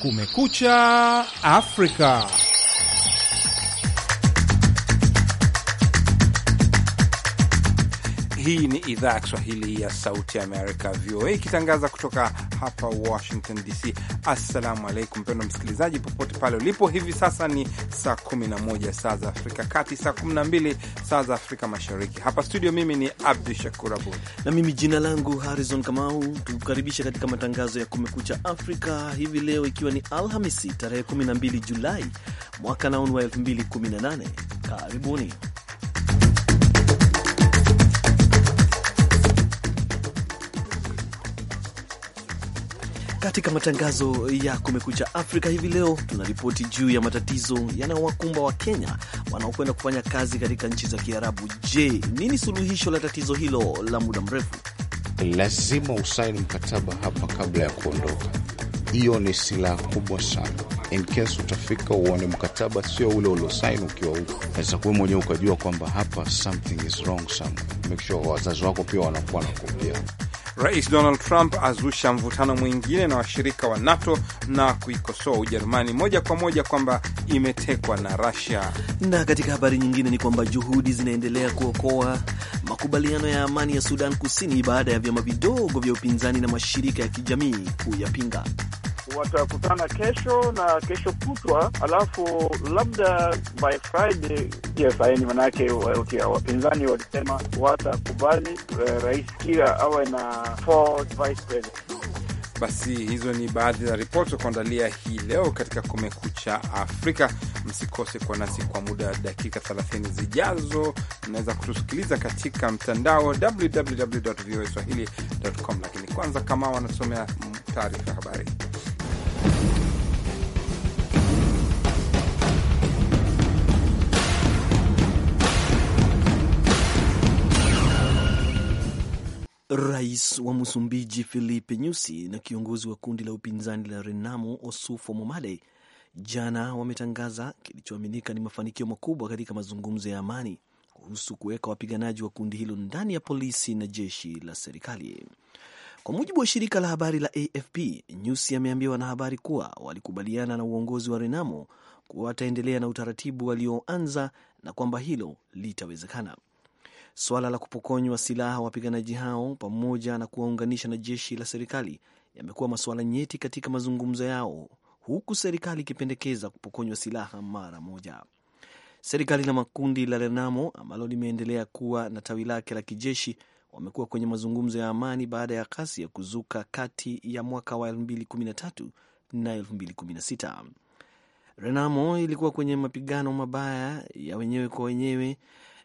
Kumekucha Afrika. Hii ni idhaa ya Kiswahili ya Sauti ya Amerika, VOA, ikitangaza kutoka hapa Washington DC. Assalamu alaikum mpendwa msikilizaji, popote pale ulipo. Hivi sasa ni saa 11 saa za Afrika Kati, saa 12 saa za Afrika Mashariki. Hapa studio, mimi ni Abdu Shakur Abud na mimi jina langu Harrison Kamau. Tukukaribisha katika matangazo ya Kumekucha Afrika hivi leo, ikiwa ni Alhamisi tarehe 12 Julai mwaka naunu wa 2018. Karibuni. Katika matangazo ya Kumekucha Afrika hivi leo, tunaripoti juu ya matatizo yanayowakumba kenya wanaokwenda kufanya kazi katika nchi za Kiarabu. Je, nini suluhisho la tatizo hilo la muda mrefu? Lazima usaini mkataba hapa kabla ya kuondoka. Hiyo ni silaha kubwa sana. In case utafika uone mkataba sio ule uliosaini ukiwa huko, naweza kuwe mwenyewe ukajua kwamba hapa something is wrong somewhere. Make sure wazazi wako pia wanakuwa nakupia Rais Donald Trump azusha mvutano mwingine na washirika wa NATO na kuikosoa Ujerumani moja kwa moja kwamba imetekwa na Russia. Na katika habari nyingine ni kwamba juhudi zinaendelea kuokoa makubaliano ya amani ya Sudan Kusini baada ya vyama vidogo vya upinzani na mashirika ya kijamii kuyapinga watakutana kesho na kesho kutwa, alafu labda by Friday saini, manake wapinzani walisema watakubali uh, rais kila awe na four vice president. Basi hizo ni baadhi ya ripoti za kuandalia hii leo katika Kumekucha Afrika. Msikose kuwa nasi kwa muda wa dakika 30 zijazo. Unaweza kutusikiliza katika mtandao www voa lakini kwanza, kama wanasomea taarifa habari Rais wa Msumbiji Filipe Nyusi na kiongozi wa kundi la upinzani la Renamo Osufo Momade jana wametangaza kilichoaminika ni mafanikio makubwa katika mazungumzo ya amani kuhusu kuweka wapiganaji wa kundi hilo ndani ya polisi na jeshi la serikali. Kwa mujibu wa shirika la habari la AFP, Nyusi ameambia wanahabari kuwa walikubaliana na uongozi wa Renamo kuwa wataendelea na utaratibu walioanza na kwamba hilo litawezekana. Swala la kupokonywa silaha wapiganaji hao pamoja na kuwaunganisha na jeshi la serikali yamekuwa masuala nyeti katika mazungumzo yao, huku serikali ikipendekeza kupokonywa silaha mara moja. Serikali na makundi la Renamo ambalo limeendelea kuwa na tawi lake la kijeshi wamekuwa kwenye mazungumzo ya amani baada ya kasi ya kuzuka kati ya mwaka wa 2013 na 2016. Renamo ilikuwa kwenye mapigano mabaya ya wenyewe kwa wenyewe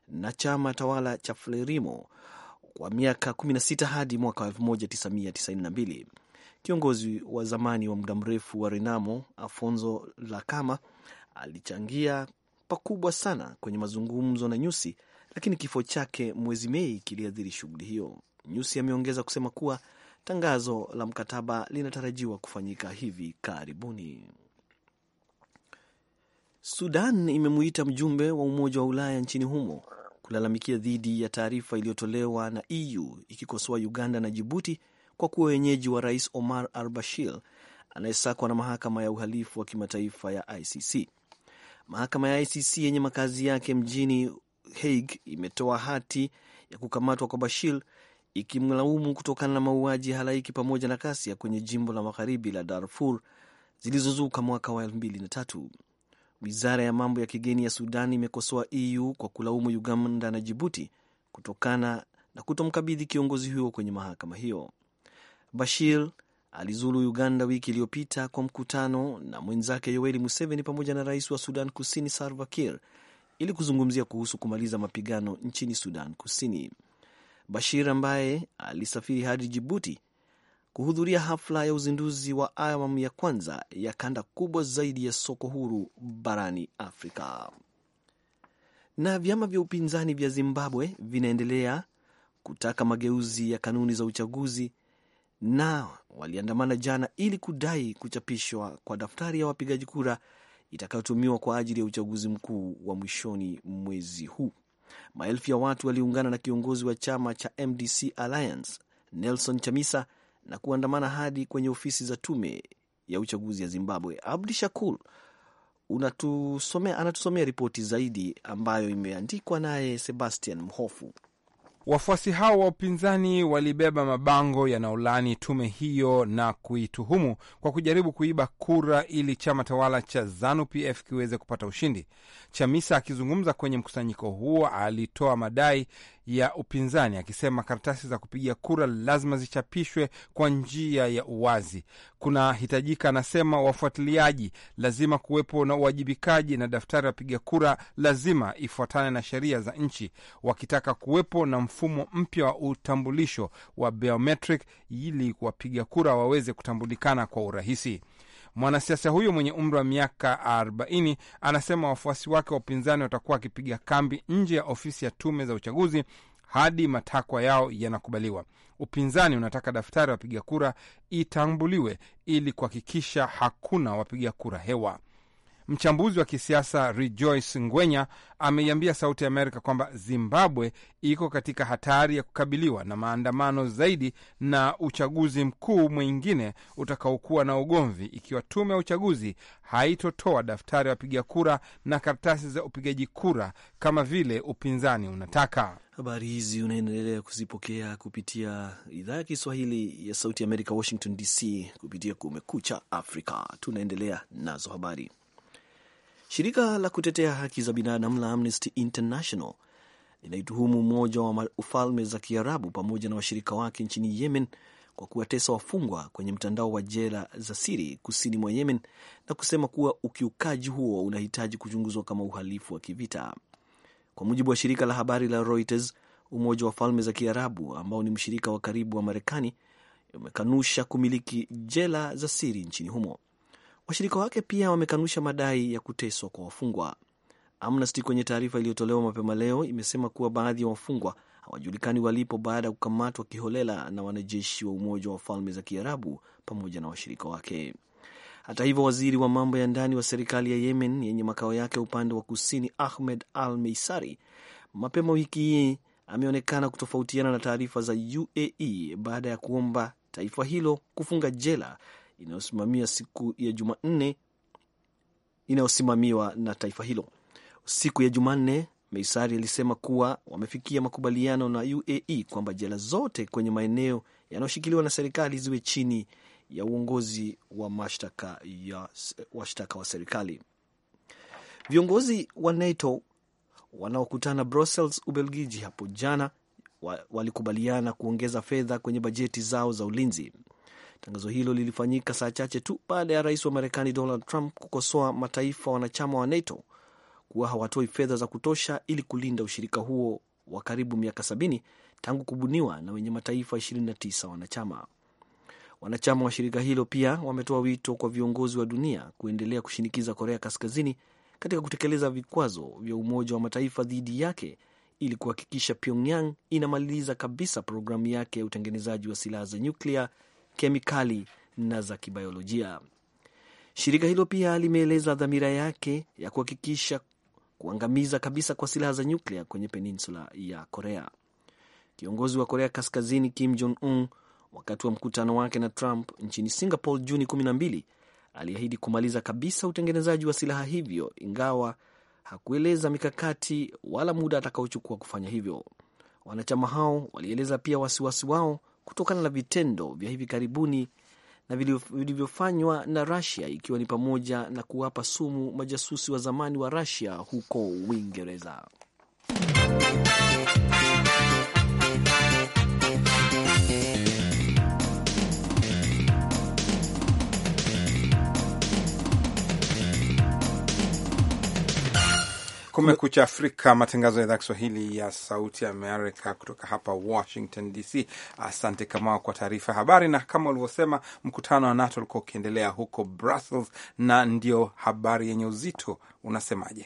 na chama tawala cha Frelimo kwa miaka 16 hadi mwaka 1992. Kiongozi wa zamani wa muda mrefu wa Renamo Afonso Dhlakama alichangia pakubwa sana kwenye mazungumzo na Nyusi, lakini kifo chake mwezi Mei kiliathiri shughuli hiyo. Nyusi ameongeza kusema kuwa tangazo la mkataba linatarajiwa kufanyika hivi karibuni. Sudan imemuita mjumbe wa Umoja wa Ulaya nchini humo kulalamikia dhidi ya taarifa iliyotolewa na EU ikikosoa Uganda na Jibuti kwa kuwa wenyeji wa Rais Omar al Bashir anayesakwa na mahakama ya uhalifu wa kimataifa ya ICC. Mahakama ya ICC yenye makazi yake mjini Hague imetoa hati ya kukamatwa kwa Bashir ikimlaumu kutokana na mauaji halaiki pamoja na ghasia kwenye jimbo la magharibi la Darfur zilizozuka mwaka wa 2003. Wizara ya mambo ya kigeni ya Sudan imekosoa EU kwa kulaumu Uganda na Jibuti kutokana na kutomkabidhi kiongozi huo kwenye mahakama hiyo. Bashir alizuru Uganda wiki iliyopita kwa mkutano na mwenzake Yoweri Museveni pamoja na rais wa Sudan Kusini Salva Kiir ili kuzungumzia kuhusu kumaliza mapigano nchini Sudan Kusini. Bashir ambaye alisafiri hadi Jibuti kuhudhuria hafla ya uzinduzi wa awamu ya kwanza ya kanda kubwa zaidi ya soko huru barani Afrika. Na vyama vya upinzani vya Zimbabwe vinaendelea kutaka mageuzi ya kanuni za uchaguzi na waliandamana jana ili kudai kuchapishwa kwa daftari ya wapigaji kura itakayotumiwa kwa ajili ya uchaguzi mkuu wa mwishoni mwezi huu. Maelfu ya watu waliungana na kiongozi wa chama cha MDC Alliance Nelson Chamisa na kuandamana hadi kwenye ofisi za tume ya uchaguzi ya Zimbabwe. Abdi shakul unatusomea, anatusomea ripoti zaidi ambayo imeandikwa naye Sebastian Mhofu. Wafuasi hao wa upinzani walibeba mabango yanaolani tume hiyo na kuituhumu kwa kujaribu kuiba kura ili chama tawala cha ZANU PF kiweze kupata ushindi. Chamisa akizungumza kwenye mkusanyiko huo alitoa madai ya upinzani akisema karatasi za kupigia kura lazima zichapishwe kwa njia ya uwazi. kuna hitajika anasema, wafuatiliaji, lazima kuwepo na uwajibikaji, na daftari ya wapiga kura lazima ifuatane na sheria za nchi, wakitaka kuwepo na mfumo mpya wa utambulisho wa biometric ili wapiga kura waweze kutambulikana kwa urahisi. Mwanasiasa huyo mwenye umri wa miaka 40 anasema wafuasi wake wa upinzani watakuwa wakipiga kambi nje ya ofisi ya tume za uchaguzi hadi matakwa yao yanakubaliwa. Upinzani unataka daftari ya wapiga kura itambuliwe ili kuhakikisha hakuna wapiga kura hewa. Mchambuzi wa kisiasa Rejoice Ngwenya ameiambia Sauti ya Amerika kwamba Zimbabwe iko katika hatari ya kukabiliwa na maandamano zaidi na uchaguzi mkuu mwingine utakaokuwa na ugomvi ikiwa tume ya uchaguzi haitotoa daftari ya wapiga kura na karatasi za upigaji kura kama vile upinzani unataka. Habari hizi unaendelea kuzipokea kupitia idhaa ya Kiswahili ya Sauti ya Amerika, Washington DC, kupitia Kumekucha Afrika. Tunaendelea nazo habari Shirika la kutetea haki za binadamu la Amnesty International linaituhumu Umoja wa Falme za Kiarabu pamoja na washirika wake nchini Yemen kwa kuwatesa wafungwa kwenye mtandao wa jela za siri kusini mwa Yemen na kusema kuwa ukiukaji huo unahitaji kuchunguzwa kama uhalifu wa kivita. Kwa mujibu wa shirika la habari la Reuters, Umoja wa Falme za Kiarabu ambao ni mshirika wa karibu wa Marekani umekanusha kumiliki jela za siri nchini humo. Washirika wake pia wamekanusha madai ya kuteswa kwa wafungwa. Amnesty kwenye taarifa iliyotolewa mapema leo imesema kuwa baadhi ya wafungwa hawajulikani walipo baada ya kukamatwa kiholela na wanajeshi wa Umoja wa Falme za Kiarabu pamoja na washirika wake. Hata hivyo, waziri wa mambo ya ndani wa serikali ya Yemen yenye makao yake upande wa kusini, Ahmed Al Meisari, mapema wiki hii ameonekana kutofautiana na taarifa za UAE baada ya kuomba taifa hilo kufunga jela inayosimamia siku ya Jumanne inayosimamiwa na taifa hilo. Siku ya Jumanne, Meisari alisema kuwa wamefikia makubaliano na UAE kwamba jela zote kwenye maeneo yanayoshikiliwa na serikali ziwe chini ya uongozi wa mashtaka ya washtaka wa serikali. Viongozi wa NATO wanaokutana Brussels, Ubelgiji hapo jana walikubaliana kuongeza fedha kwenye bajeti zao za ulinzi. Tangazo hilo lilifanyika saa chache tu baada ya rais wa Marekani Donald Trump kukosoa mataifa wanachama wa NATO kuwa hawatoi fedha za kutosha ili kulinda ushirika huo wa karibu miaka 70 tangu kubuniwa na wenye mataifa 29 wanachama. Wanachama wa shirika hilo pia wametoa wito kwa viongozi wa dunia kuendelea kushinikiza Korea Kaskazini katika kutekeleza vikwazo vya Umoja wa Mataifa dhidi yake ili kuhakikisha Pyongyang inamaliza kabisa programu yake ya utengenezaji wa silaha za nyuklia kemikali na za kibiolojia. Shirika hilo pia limeeleza dhamira yake ya kuhakikisha kuangamiza kabisa kwa silaha za nyuklia kwenye peninsula ya Korea. Kiongozi wa Korea Kaskazini Kim Jong Un, wakati wa mkutano wake na Trump nchini Singapore Juni 12 aliahidi kumaliza kabisa utengenezaji wa silaha hivyo, ingawa hakueleza mikakati wala muda atakaochukua kufanya hivyo. Wanachama hao walieleza pia wasiwasi wao kutokana na vitendo vya hivi karibuni na vilivyofanywa na Russia ikiwa ni pamoja na kuwapa sumu majasusi wa zamani wa Russia huko Uingereza. Kumekucha Afrika, matangazo ya idhaa Kiswahili ya Sauti ya Amerika kutoka hapa Washington DC. Asante Kamao kwa taarifa ya habari, na kama ulivyosema, mkutano wa NATO ulikuwa ukiendelea huko Brussels, na ndio habari yenye uzito. Unasemaje?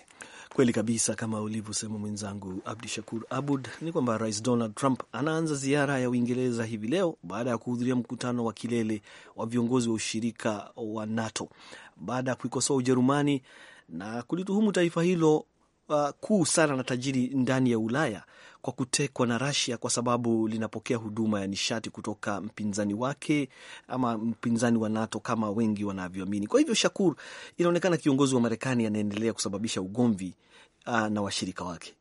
Kweli kabisa, kama ulivyosema mwenzangu Abdi Shakur Abud, ni kwamba Rais Donald Trump anaanza ziara ya Uingereza hivi leo baada ya kuhudhuria mkutano wa kilele wa viongozi wa ushirika wa NATO baada ya kuikosoa Ujerumani na kulituhumu taifa hilo uh, kuu sana na tajiri ndani ya Ulaya kwa kutekwa na Russia kwa sababu linapokea huduma ya nishati kutoka mpinzani wake ama mpinzani wa NATO kama wengi wanavyoamini. Kwa hivyo, Shakur, inaonekana kiongozi wa Marekani anaendelea kusababisha ugomvi uh, na washirika wake.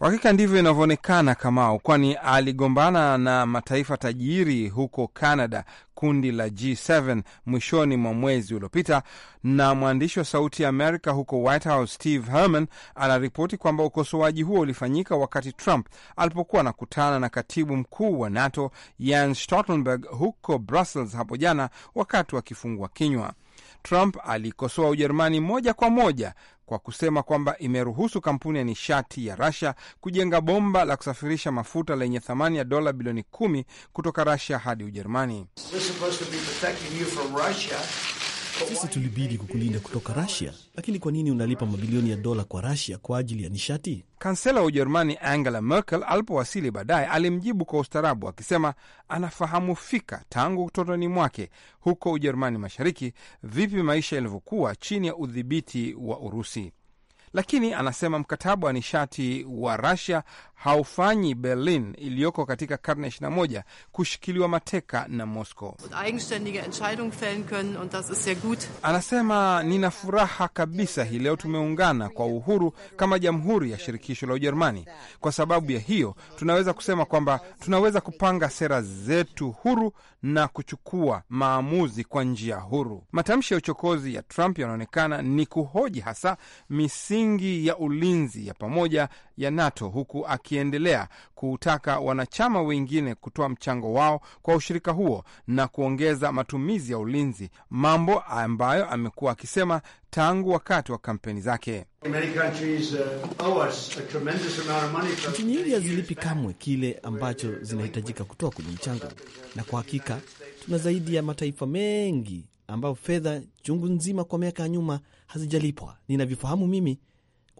Kwa hakika ndivyo inavyoonekana Kamau, kwani aligombana na mataifa tajiri huko Canada, kundi la G7 mwishoni mwa mwezi uliopita, na mwandishi wa Sauti ya Amerika huko White House Steve Herman anaripoti kwamba ukosoaji huo ulifanyika wakati Trump alipokuwa anakutana na katibu mkuu wa NATO Jens Stoltenberg huko Brussels hapo jana, wakati wakifungua kinywa Trump alikosoa Ujerumani moja kwa moja kwa kusema kwamba imeruhusu kampuni ya nishati ya rasha kujenga bomba la kusafirisha mafuta lenye thamani ya dola bilioni kumi kutoka rasia hadi Ujerumani. Sisi tulibidi kukulinda kutoka Rasia, lakini kwa nini unalipa mabilioni ya dola kwa Rasia kwa ajili ya nishati? Kansela wa Ujerumani Angela Merkel alipowasili baadaye alimjibu kwa ustaarabu akisema anafahamu fika tangu utotoni mwake huko Ujerumani Mashariki vipi maisha yalivyokuwa chini ya udhibiti wa Urusi lakini anasema mkataba wa nishati wa rasia haufanyi Berlin iliyoko katika karne 21 kushikiliwa mateka na Moscow. Anasema, nina furaha kabisa hii leo tumeungana kwa uhuru kama jamhuri ya shirikisho la Ujerumani. Kwa sababu ya hiyo, tunaweza kusema kwamba tunaweza kupanga sera zetu huru na kuchukua maamuzi kwa njia huru. Matamshi ya uchokozi ya Trump yanaonekana ni kuhoji hasa misi misingi ya ulinzi ya pamoja ya NATO, huku akiendelea kutaka wanachama wengine kutoa mchango wao kwa ushirika huo na kuongeza matumizi ya ulinzi, mambo ambayo amekuwa akisema tangu wakati wa kampeni zake. Nchi nyingi hazilipi kamwe kile ambacho zinahitajika kutoa kwenye mchango, na kwa hakika tuna zaidi ya mataifa mengi ambayo fedha chungu nzima kwa miaka ya nyuma hazijalipwa. Ninavyofahamu mimi,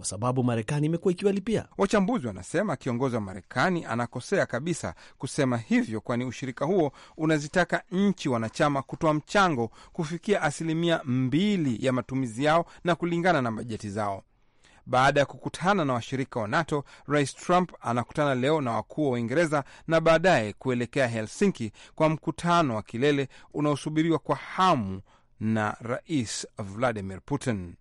kwa sababu Marekani imekuwa ikiwalipia. Wachambuzi wanasema kiongozi wa Marekani anakosea kabisa kusema hivyo, kwani ushirika huo unazitaka nchi wanachama kutoa mchango kufikia asilimia mbili ya matumizi yao na kulingana na bajeti zao. Baada ya kukutana na washirika wa NATO, Rais Trump anakutana leo na wakuu wa Uingereza na baadaye kuelekea Helsinki kwa mkutano wa kilele unaosubiriwa kwa hamu na Rais Vladimir Putin.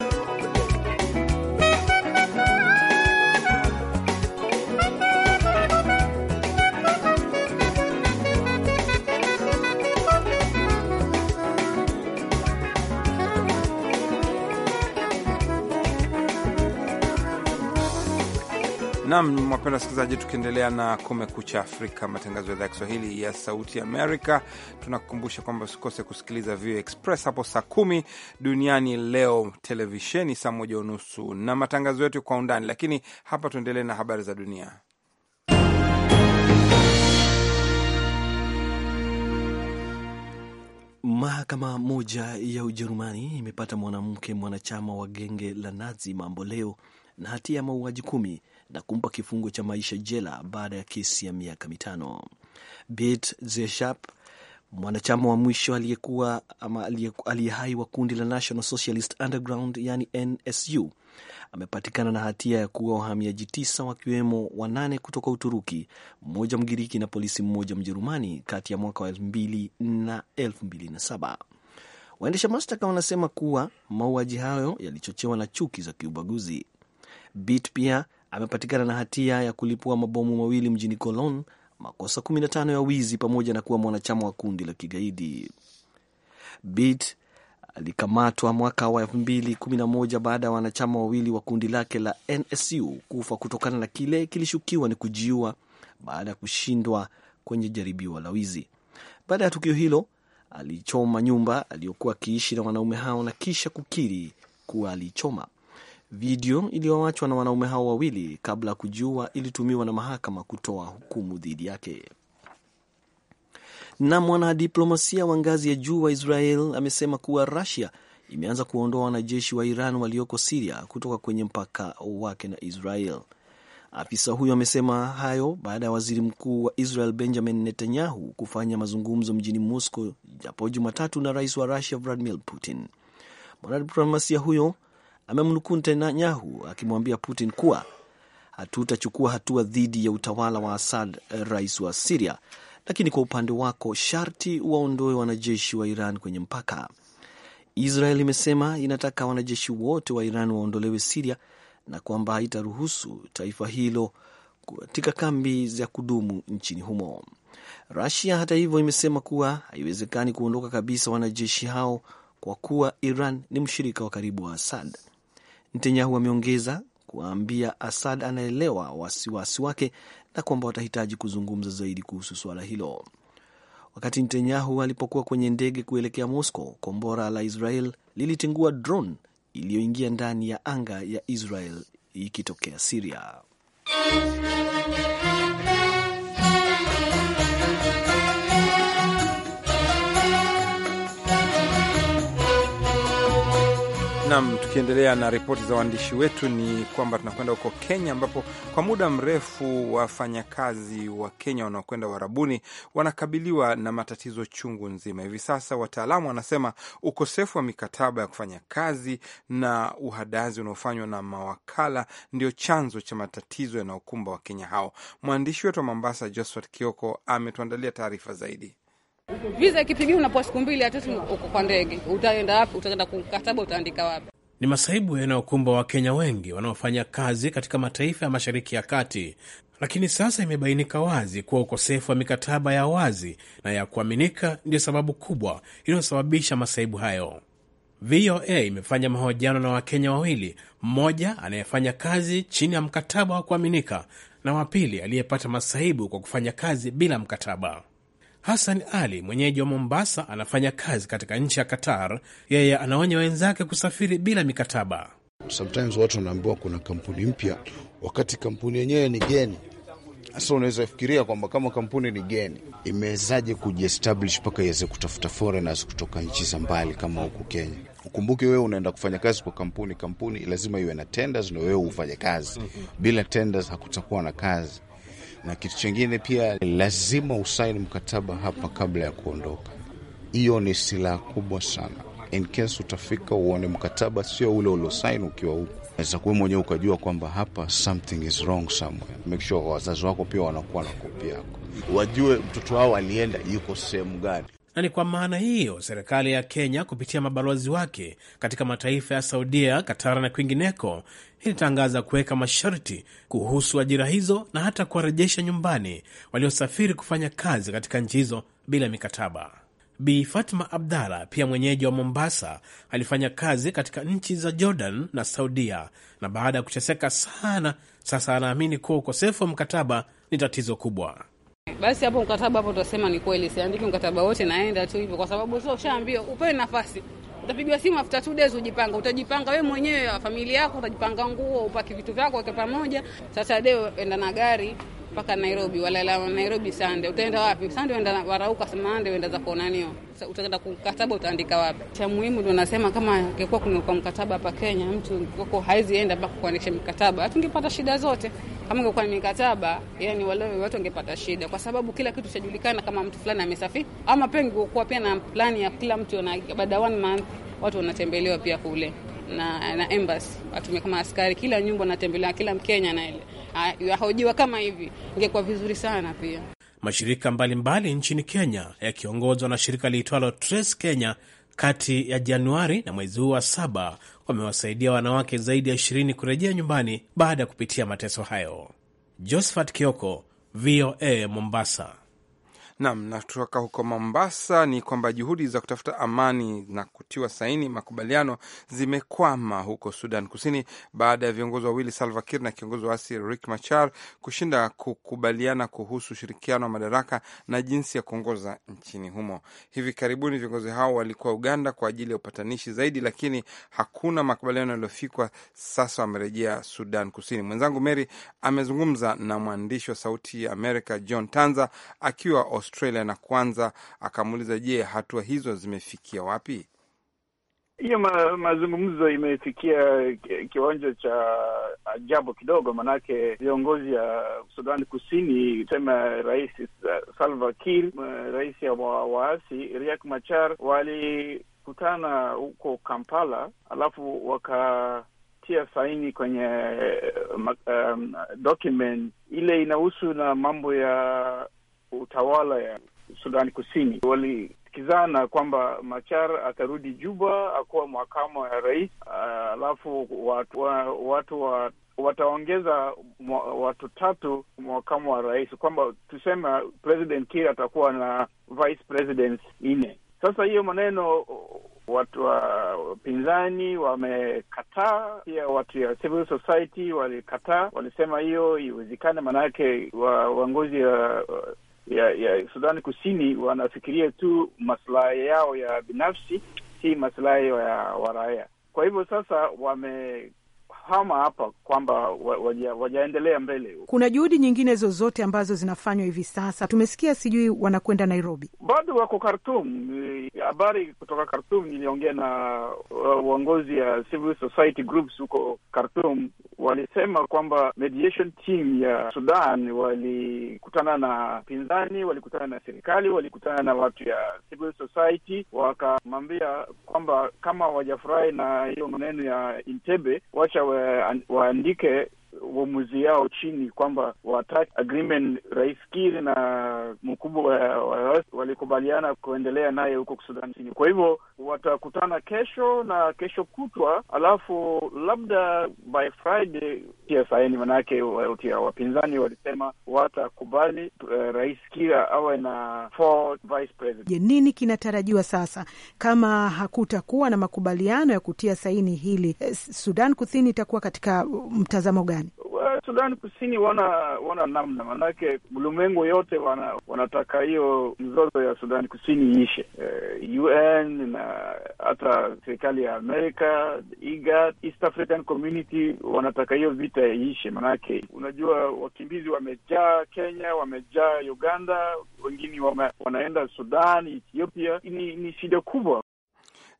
Nam, mwapenda wasikilizaji, tukiendelea na Kumekucha Afrika, matangazo ya idhaa ya Kiswahili ya Sauti Amerika, tunakukumbusha kwamba usikose kusikiliza VOA Express hapo saa kumi duniani leo, televisheni saa moja unusu na matangazo yetu kwa undani. Lakini hapa tuendelee na habari za dunia. Mahakama moja ya Ujerumani imepata mwanamke mwanachama wa genge la Nazi mambo leo na hatia ya mauaji kumi na kumpa kifungo cha maisha jela baada ya kesi ya miaka mitano. Bit Zeshap, mwanachama wa mwisho aliyekuwa ama aliye hai wa kundi la National Socialist Underground, yani NSU, amepatikana na hatia ya kuwa wahamiaji tisa wakiwemo wanane kutoka Uturuki, mmoja Mgiriki na polisi mmoja Mjerumani kati ya mwaka wa elfu mbili na elfu mbili na saba. Waendesha mashtaka wanasema kuwa mauaji hayo yalichochewa na chuki za kiubaguzi. Bit pia amepatikana na hatia ya kulipua mabomu mawili mjini Cologne, makosa 15 ya wizi pamoja na kuwa mwanachama wa kundi la kigaidi. Bit alikamatwa mwaka wa 2011 baada ya wanachama wawili wa kundi lake la NSU kufa kutokana na kile kilishukiwa ni kujiua baada ya kushindwa kwenye jaribio la wizi. Baada ya tukio hilo, alichoma nyumba aliyokuwa akiishi na wanaume hao na kisha kukiri kuwa alichoma Video iliyoachwa na wanaume hao wawili kabla ya kujiua ilitumiwa na mahakama kutoa hukumu dhidi yake. Na mwanadiplomasia wa ngazi ya juu wa Israel amesema kuwa rasia imeanza kuondoa wanajeshi wa Iran walioko Siria kutoka kwenye mpaka wake na Israel. Afisa huyo amesema hayo baada ya waziri mkuu wa Israel Benjamin Netanyahu kufanya mazungumzo mjini Moscow japo Jumatatu na rais wa Rusia Vladimir Putin. Mwanadiplomasia huyo amemnukuu Netanyahu akimwambia Putin kuwa hatutachukua hatua dhidi ya utawala wa Assad, rais wa Siria, lakini kwa upande wako sharti waondoe wanajeshi wa Iran kwenye mpaka. Israel imesema inataka wanajeshi wote wa Iran waondolewe Siria na kwamba haitaruhusu taifa hilo katika kambi za kudumu nchini humo. Rusia hata hivyo imesema kuwa haiwezekani kuondoka kabisa wanajeshi hao kwa kuwa Iran ni mshirika wa karibu wa Assad. Netanyahu ameongeza kuambia Assad anaelewa wasiwasi wake na kwamba watahitaji kuzungumza zaidi kuhusu suala hilo. Wakati Netanyahu alipokuwa kwenye ndege kuelekea Moscow, kombora la Israel lilitingua drone iliyoingia ndani ya anga ya Israel ikitokea Siria. Nam, tukiendelea na ripoti za waandishi wetu ni kwamba tunakwenda huko Kenya, ambapo kwa muda mrefu wafanyakazi wa Kenya wanaokwenda Uarabuni wanakabiliwa na matatizo chungu nzima. Hivi sasa wataalamu wanasema ukosefu wa mikataba ya kufanya kazi na uhadazi unaofanywa na mawakala ndio chanzo cha matatizo yanayokumba Wakenya hao. Mwandishi wetu wa Mombasa, Josphat Kioko, ametuandalia taarifa zaidi. Viza ikipigia unapoa siku mbili, hatatu uko kwa ndege. Utaenda wapi? Utaenda kukataba, utaandika wapi? Ni masaibu yanayokumba Wakenya wengi wanaofanya kazi katika mataifa ya Mashariki ya Kati, lakini sasa imebainika wazi kuwa ukosefu wa mikataba ya wazi na ya kuaminika ndiyo sababu kubwa inayosababisha masaibu hayo. VOA imefanya mahojiano na Wakenya wawili, mmoja anayefanya kazi chini ya mkataba wa kuaminika na wa pili aliyepata masaibu kwa kufanya kazi bila mkataba. Hassan Ali, mwenyeji wa Mombasa, anafanya kazi katika nchi ya Qatar. Yeye anaonya wenzake kusafiri bila mikataba. Sometimes watu wanaambiwa kuna kampuni mpya, wakati kampuni yenyewe ni geni. Sasa unaweza fikiria kwamba kama kampuni ni geni, imewezaje kujiestablish mpaka iweze kutafuta foreigners kutoka nchi za mbali kama huku Kenya? Ukumbuke wewe unaenda kufanya kazi kwa kampuni. Kampuni lazima iwe na tenders na wewe ufanye kazi, mhm. bila tenders hakutakuwa na kazi na kitu chengine pia lazima usaini mkataba hapa kabla ya kuondoka. Hiyo ni silaha kubwa sana. In case utafika uone mkataba sio ule uliosaini ukiwa huku, naweza kuwe mwenyewe ukajua kwamba hapa something is wrong somewhere. Make sure wazazi wako pia wanakuwa na kopi yako, wajue mtoto wao alienda yuko sehemu gani na ni kwa maana hiyo serikali ya Kenya kupitia mabalozi wake katika mataifa ya Saudia, Katara na kwingineko ilitangaza kuweka masharti kuhusu ajira hizo na hata kuwarejesha nyumbani waliosafiri kufanya kazi katika nchi hizo bila mikataba. Bi Fatma Abdalla, pia mwenyeji wa Mombasa, alifanya kazi katika nchi za Jordan na Saudia, na baada ya kuteseka sana, sasa anaamini kuwa ukosefu wa mkataba ni tatizo kubwa basi hapo mkataba hapo utasema ni kweli, siandiki mkataba wote, naenda tu hivyo, kwa sababu sio ushaambiwa upewe nafasi utapigwa simu after two days, ujipanga. Utajipanga wewe mwenyewe, familia yako utajipanga, nguo upaki, vitu vyako weke pamoja. Saturday enda na gari mpaka Nairobi, walala Nairobi Sande, utaenda wapi? Sande wenda warauka Sande wenda za kuonanio, utaenda kumkataba, utaandika wapi? Cha muhimu ndio nasema, kama ingekuwa kuna kwa mkataba hapa Kenya, mtu wako haizi enda mpaka kuandikisha mikataba, hatungepata shida zote. Kama ingekuwa ni mikataba, yani wale watu wangepata shida, kwa sababu kila kitu chajulikana kama mtu fulani amesafiri, ama pia ingekuwa pia na plani ya kila mtu na baada ya one month watu wanatembelewa pia kule na, na embassy watumia kama askari, kila nyumba anatembelewa kila Mkenya na ile yahojiwa kama hivi, ingekuwa vizuri sana pia. Mashirika mbalimbali mbali nchini Kenya yakiongozwa na shirika liitwalo Trace Kenya kati ya Januari na mwezi huu wa saba wamewasaidia wanawake zaidi ya ishirini kurejea nyumbani baada ya kupitia mateso hayo. Josephat Kioko, VOA Mombasa. Nam na kutoka huko Mombasa ni kwamba juhudi za kutafuta amani na kutiwa saini makubaliano zimekwama huko Sudan Kusini baada ya viongozi wawili Salva Kiir na kiongozi wa asi Riek Machar kushinda kukubaliana kuhusu ushirikiano wa madaraka na jinsi ya kuongoza nchini humo. Hivi karibuni viongozi hao walikuwa Uganda kwa ajili ya upatanishi zaidi, lakini hakuna makubaliano yaliyofikwa. Sasa wamerejea Sudan Kusini. Mwenzangu Mary amezungumza na mwandishi wa Sauti ya Amerika John Tanza akiwa Australia, na kwanza akamuuliza, je, hatua hizo zimefikia wapi? Hiyo ma, mazungumzo imefikia kiwanja cha ajabu kidogo, manake viongozi ya Sudani Kusini sema Rais Salva Kiir, rais wa waasi Riek Machar walikutana huko Kampala, alafu wakatia saini kwenye um, document ile inahusu na mambo ya utawala ya Sudani Kusini walisikizana kwamba Machar atarudi Juba akuwa mwakama ya rais, alafu watu wa, watu wa wataongeza watu tatu mwakamu wa rais, kwamba tuseme President Kiir atakuwa na vice presidents nne. Sasa hiyo maneno watu wa pinzani wamekataa, pia watu ya civil society walikataa, walisema hiyo iwezekane, maanake waongozi wa, ya, ya Sudani Kusini wanafikiria tu maslahi yao ya binafsi, si maslahi ya waraia. Kwa hivyo sasa wamehama hapa kwamba waja, wajaendelea mbele. Kuna juhudi nyingine zozote ambazo zinafanywa hivi sasa? Tumesikia sijui wanakwenda Nairobi, bado wako Khartum. Habari kutoka Khartum, niliongea na uh, uongozi ya civil society groups huko Khartum, walisema kwamba mediation team ya Sudan walikutana na pinzani, walikutana na serikali, walikutana na watu ya civil society, wakamwambia kwamba kama wajafurahi na hiyo maneno ya Intebe, wacha waandike uamuzi yao chini kwamba wataki agreement Rais Kiir na mkubwa wa, wa walikubaliana kuendelea naye huko Sudan chini. Kwa hivyo watakutana kesho na kesho kutwa, alafu labda by Friday tia saini, manake watia wapinzani walisema watakubali uh, Rais Kiir awe na four vice president. Je, nini kinatarajiwa sasa kama hakutakuwa na makubaliano ya kutia saini hili? Eh, Sudan Kusini itakuwa katika mtazamo gani? Sudani? Sudani Kusini wana wana namna, manake ulimwengu yote wana, wanataka hiyo mzozo ya Sudani Kusini iishe. Eh, UN na hata serikali ya Amerika, IGAD, East African Community wanataka hiyo vita iishe, manake unajua wakimbizi wamejaa Kenya, wamejaa Uganda, wengine wame, wanaenda Sudan, Ethiopia. Ni, ni shida kubwa.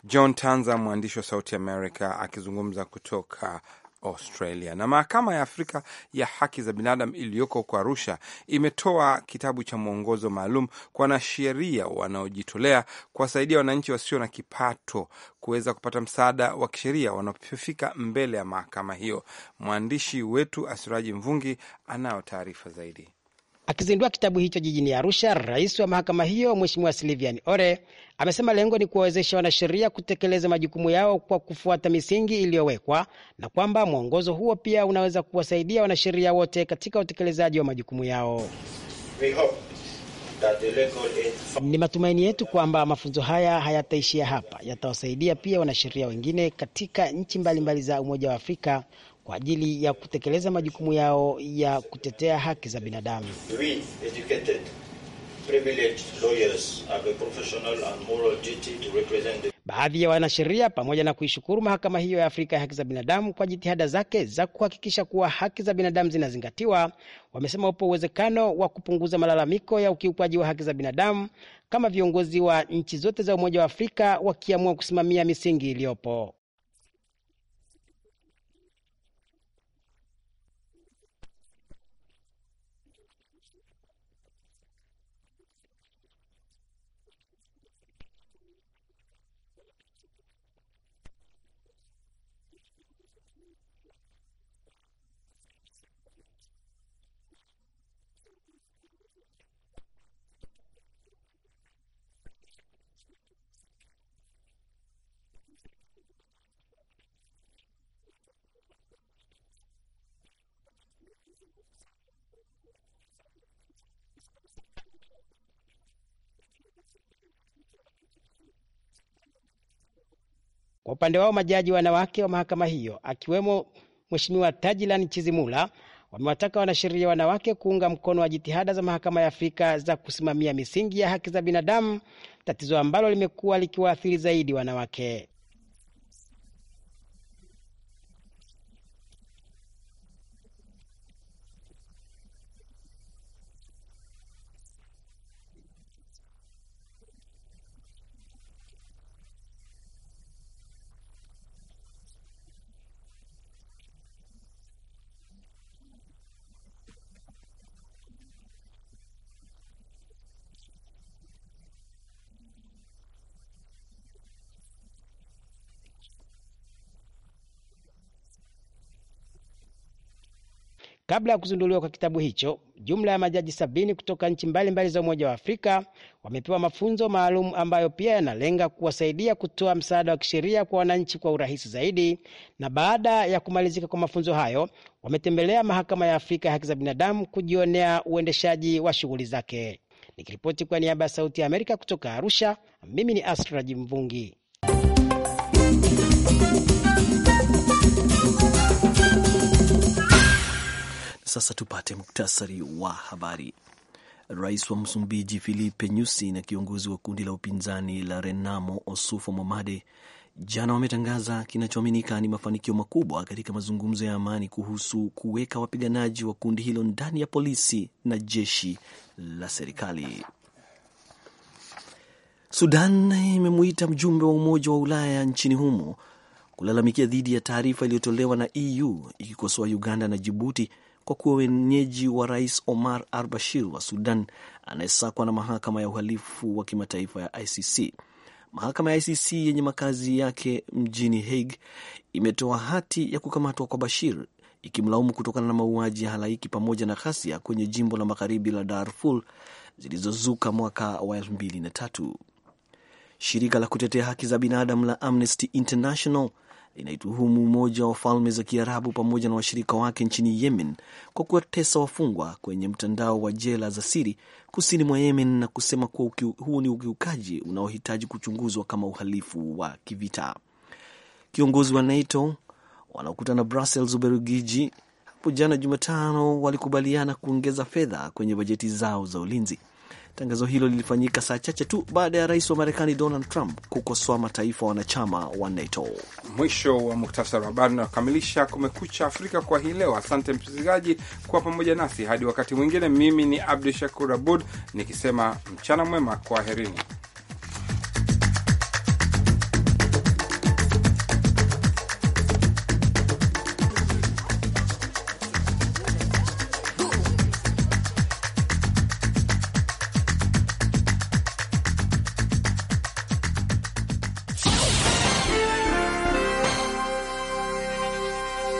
John Tanza, mwandishi wa Sauti Amerika akizungumza kutoka Australia. Na mahakama ya Afrika ya haki za binadamu iliyoko kwa Arusha imetoa kitabu cha mwongozo maalum kwa wanasheria wanaojitolea kuwasaidia wananchi wasio na kipato kuweza kupata msaada wa kisheria wanapofika mbele ya mahakama hiyo. Mwandishi wetu Asiraji Mvungi anayo taarifa zaidi. Akizindua kitabu hicho jijini Arusha, rais wa mahakama hiyo Mheshimiwa Silvian Ore amesema lengo ni kuwawezesha wanasheria kutekeleza majukumu yao kwa kufuata misingi iliyowekwa na kwamba mwongozo huo pia unaweza kuwasaidia wanasheria wote katika utekelezaji wa majukumu yao. Ni matumaini yetu kwamba mafunzo haya hayataishia hapa, yatawasaidia pia wanasheria wengine katika nchi mbalimbali za Umoja wa Afrika kwa ajili ya kutekeleza majukumu yao ya kutetea haki za binadamu. Baadhi ya wanasheria pamoja na kuishukuru mahakama hiyo ya Afrika ya haki za binadamu kwa jitihada zake za kuhakikisha kuwa haki za binadamu zinazingatiwa, wamesema upo uwezekano wa kupunguza malalamiko ya ukiukwaji wa haki za binadamu kama viongozi wa nchi zote za Umoja wa Afrika wakiamua kusimamia misingi iliyopo. Kwa upande wao majaji wanawake wa mahakama hiyo akiwemo Mheshimiwa Tajilan Chizimula wamewataka wanasheria wanawake kuunga mkono wa jitihada za mahakama ya Afrika za kusimamia misingi ya haki za binadamu, tatizo ambalo limekuwa likiwaathiri zaidi wanawake. Kabla ya kuzinduliwa kwa kitabu hicho, jumla ya majaji sabini kutoka nchi mbalimbali za Umoja wa Afrika wamepewa mafunzo maalum ambayo pia yanalenga kuwasaidia kutoa msaada wa kisheria kwa wananchi kwa urahisi zaidi. Na baada ya kumalizika kwa mafunzo hayo, wametembelea Mahakama ya Afrika ya Haki za Binadamu kujionea uendeshaji wa shughuli zake. Nikiripoti kwa niaba ya Sauti ya Amerika kutoka Arusha, mimi ni Asraji Mvungi. Sasa tupate muktasari wa habari. Rais wa Msumbiji Filipe Nyusi na kiongozi wa kundi la upinzani la Renamo Osufo Momade jana wametangaza kinachoaminika ni mafanikio makubwa katika mazungumzo ya amani kuhusu kuweka wapiganaji wa kundi hilo ndani ya polisi na jeshi la serikali. Sudan imemuita mjumbe wa Umoja wa Ulaya nchini humo kulalamikia dhidi ya taarifa iliyotolewa na EU ikikosoa Uganda na Jibuti kwa kuwa wenyeji wa Rais Omar al Bashir wa Sudan anayesakwa na mahakama ya uhalifu wa kimataifa ya ICC. Mahakama ya ICC yenye makazi yake mjini Hague imetoa hati ya kukamatwa kwa Bashir ikimlaumu kutokana na mauaji ya halaiki pamoja na ghasia kwenye jimbo la magharibi la Darfur zilizozuka mwaka wa tatu Shirika la kutetea haki za binadamu la Amnesty International inaituhumu Umoja wa Falme za Kiarabu pamoja na washirika wake nchini Yemen kwa kuwatesa wafungwa kwenye mtandao wa jela za siri kusini mwa Yemen na kusema kuwa huu ni ukiukaji unaohitaji kuchunguzwa kama uhalifu wa kivita. Kiongozi wa NATO wanaokutana Brussels, Ubelgiji, hapo jana Jumatano walikubaliana kuongeza fedha kwenye bajeti zao za ulinzi. Tangazo hilo lilifanyika saa chache tu baada ya rais wa Marekani Donald Trump kukosoa mataifa wanachama wa NATO. Mwisho wa muktasari wa habari unakamilisha Kumekucha Afrika kwa hii leo. Asante msikilizaji kuwa pamoja nasi hadi wakati mwingine. Mimi ni Abdu Shakur Abud nikisema mchana mwema, kwaherini.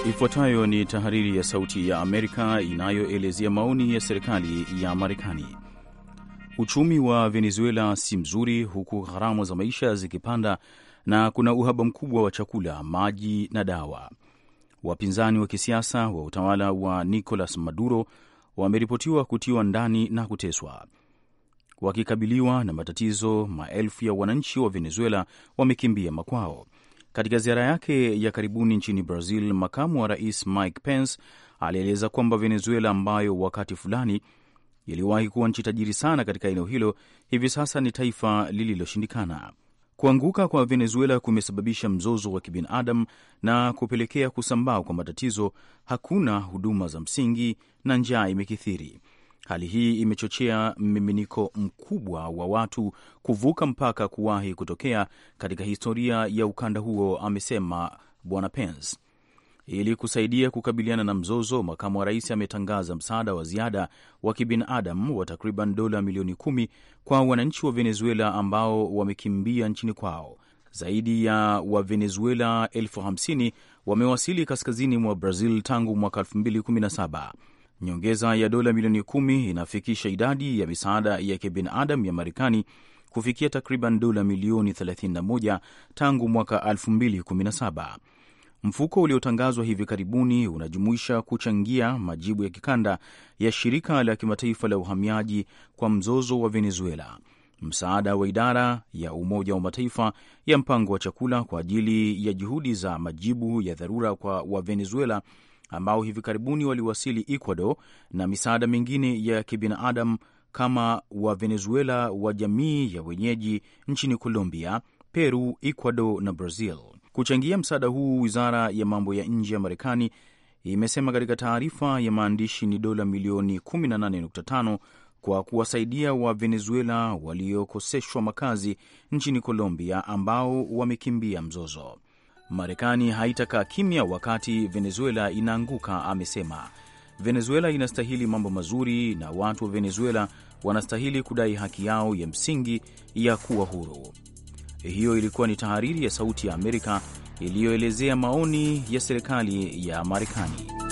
Ifuatayo ni tahariri ya Sauti ya Amerika inayoelezea maoni ya serikali ya Marekani. Uchumi wa Venezuela si mzuri, huku gharama za maisha zikipanda na kuna uhaba mkubwa wa chakula, maji na dawa. Wapinzani wa kisiasa wa utawala wa Nicolas Maduro wameripotiwa kutiwa ndani na kuteswa. Wakikabiliwa na matatizo, maelfu ya wananchi wa Venezuela wamekimbia makwao. Katika ziara yake ya karibuni nchini Brazil, makamu wa rais Mike Pence alieleza kwamba Venezuela, ambayo wakati fulani iliwahi kuwa nchi tajiri sana katika eneo hilo, hivi sasa ni taifa lililoshindikana. Kuanguka kwa Venezuela kumesababisha mzozo wa kibinadamu na kupelekea kusambaa kwa matatizo. Hakuna huduma za msingi na njaa imekithiri. Hali hii imechochea mmiminiko mkubwa wa watu kuvuka mpaka kuwahi kutokea katika historia ya ukanda huo, amesema Bwana Pence. Ili kusaidia kukabiliana na mzozo, makamu wa rais ametangaza msaada wa ziada wa kibinadamu wa takriban dola milioni kumi kwa wananchi wa Venezuela ambao wamekimbia nchini kwao. Zaidi ya Wavenezuela elfu hamsini wamewasili kaskazini mwa Brazil tangu mwaka 217 Nyongeza ya dola milioni kumi inafikisha idadi ya misaada ya kibinadamu ya Marekani kufikia takriban dola milioni 31 tangu mwaka 2017. Mfuko uliotangazwa hivi karibuni unajumuisha kuchangia majibu ya kikanda ya shirika la kimataifa la uhamiaji kwa mzozo wa Venezuela, msaada wa idara ya Umoja wa Mataifa ya mpango wa chakula kwa ajili ya juhudi za majibu ya dharura kwa wavenezuela Venezuela ambao hivi karibuni waliwasili Ecuador na misaada mingine ya kibinadamu kama wa Venezuela wa jamii ya wenyeji nchini Colombia, Peru, Ecuador na Brazil. Kuchangia msaada huu, wizara ya mambo ya nje ya Marekani imesema katika taarifa ya maandishi ni dola milioni 18.5 kwa kuwasaidia wa Venezuela waliokoseshwa makazi nchini Colombia ambao wamekimbia mzozo. Marekani haitakaa kimya wakati Venezuela inaanguka, amesema. Venezuela inastahili mambo mazuri na watu wa Venezuela wanastahili kudai haki yao ya msingi ya kuwa huru. Hiyo ilikuwa ni tahariri ya Sauti ya Amerika iliyoelezea maoni ya serikali ya Marekani.